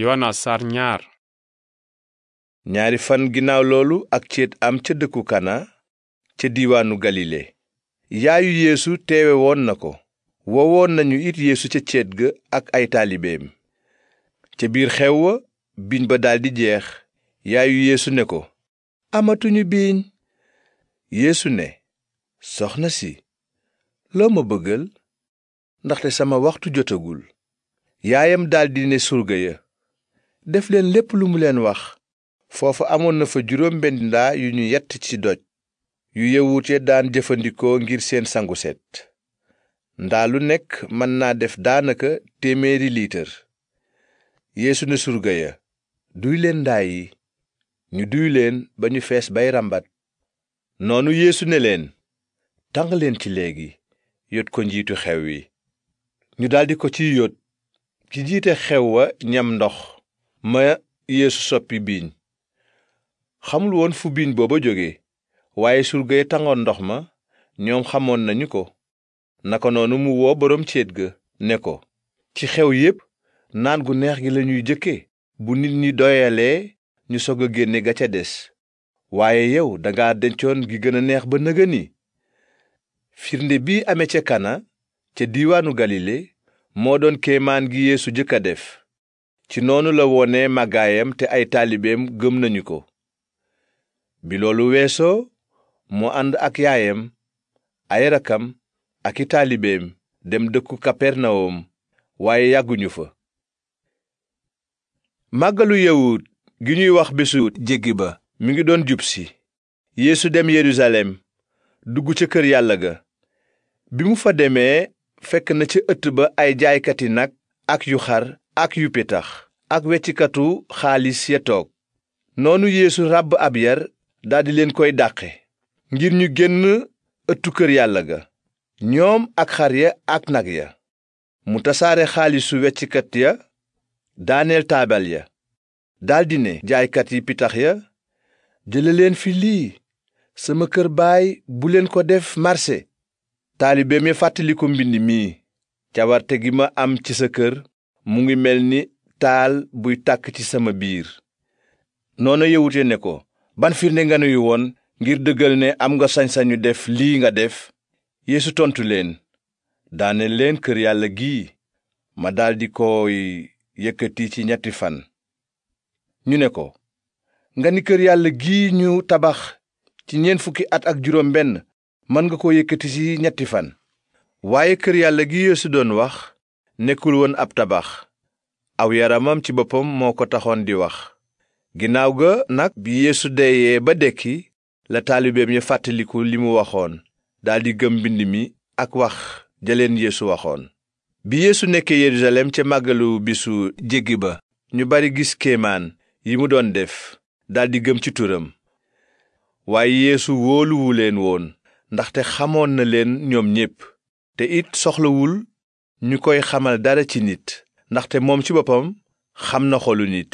yoona sar ñaari fan ginnaaw loolu ak céet am ca dëkku kana ca diiwaanu galile yaayu yéesu teewe woon na ko woowoon nañu it yéesu ca céet ga ak ay taalibeem ca biir xew wa biiñ ba daldi jeex yaayu yéesu ne ko amatuñu biiñ yeesu ne soxna si loo ma bëggal ndaxte sama waxtu jotagul yaayam daldi ne surga ya def leen lépp lu mu leen wax foofu amoon na fa juróom benn ndaa yu ñu yett ci doj yu yawut daan jëfandikoo ngir seen sangu set ndaa lu nekk mën naa def daanaka téeméeri liitar yéesu ne surga ya duy leen ndaa yi ñu duy leen ba ñu fees bay rambat noonu yéesu ne leen tàng leen ci léegi yot ko njiitu xew yi ñu daldi ko ciy yot ci jiite xew wa ñam ndox ma yéesu soppi biiñ xamul woon fu biiñ booba jóge waaye surgay tangoon ndox ma ñoom xamoon nañu ko naka noonu mu woo boroom céet ga ne ko ci xew yépp naan gu neex gi lañuy jëkke bu nit ñi doyalee ñu sog a génne ga ca des waaye yow danga dencoon gi gën a neex ba nëgëni firnde bi ame ca kana ca diiwaanu galile moo doon kéemaan gi yéesu jëkk a def ci noonu la wone màggaayam te ay taalibeem gëm nañu ko bi loolu weesoo mu ànd ak yaayam ay rakam ak i taalibeem dem dëkku kapernawum waaye yàgguñu fa màggalu yawut gi ñuy wax bésu jéggi ba mi ngi doon jub si yéesu dem yerusalem dugg ca kër yàlla ga bi fa demee fekk na ca ëtt ba ay jaaykati nag ak yu xar ak yu pitax ak weccikatu xaalis ya toog noonu yéesu ràbb ab yar daldi leen koy dàqe ngir ñu génn ëttu kër yàlla ga ñoom ak xar ya ak nag ya mu tasaare xaalisu weccikat ya daaneel taabal ya daldi ne jaaykat yi pitax ya jële leen fi lii sama kër baay bu leen ko def marché taalibe mi fàttaliku mbind mi cawarte gi ma am ci sa kër mu ngi mel ni taal buy tàkk ci sama biir noona yëwute ne ko ban firnde nga woon ngir dëggal ne am nga sañsañu def lii nga def yeesu tontu leen daane leen kër yàlla gii ma daldi koy yëkkati ci ñetti fan ñu ne ko nga ni kër yàlla gii ñu tabax ci ñeent fukki at ak juróom benn mën nga ko yëkkati ci ñetti fan waaye kër yàlla gi yeesu doon wax nekkul woon ab tabax aw yaramam ci boppam moo ko taxoon di wax ginnaaw ga nag bi yeesu deeyee ba dekki la taalibeem ya fàttaliku li mu waxoon daldi gëm mbind mi ak wax ja leen yeesu waxoon bi yeesu nekkee yerusalem ca màggalu bisu jéggi ba ñu bari gis kéemaan yi mu doon def daldi gëm ci turam waaye yéesu wóoluwu leen woon ndaxte xamoon na leen ñoom ñépp te it soxlawul ñu koy xamal dara ci nit ndaxte moom ci boppam xam na xolu nit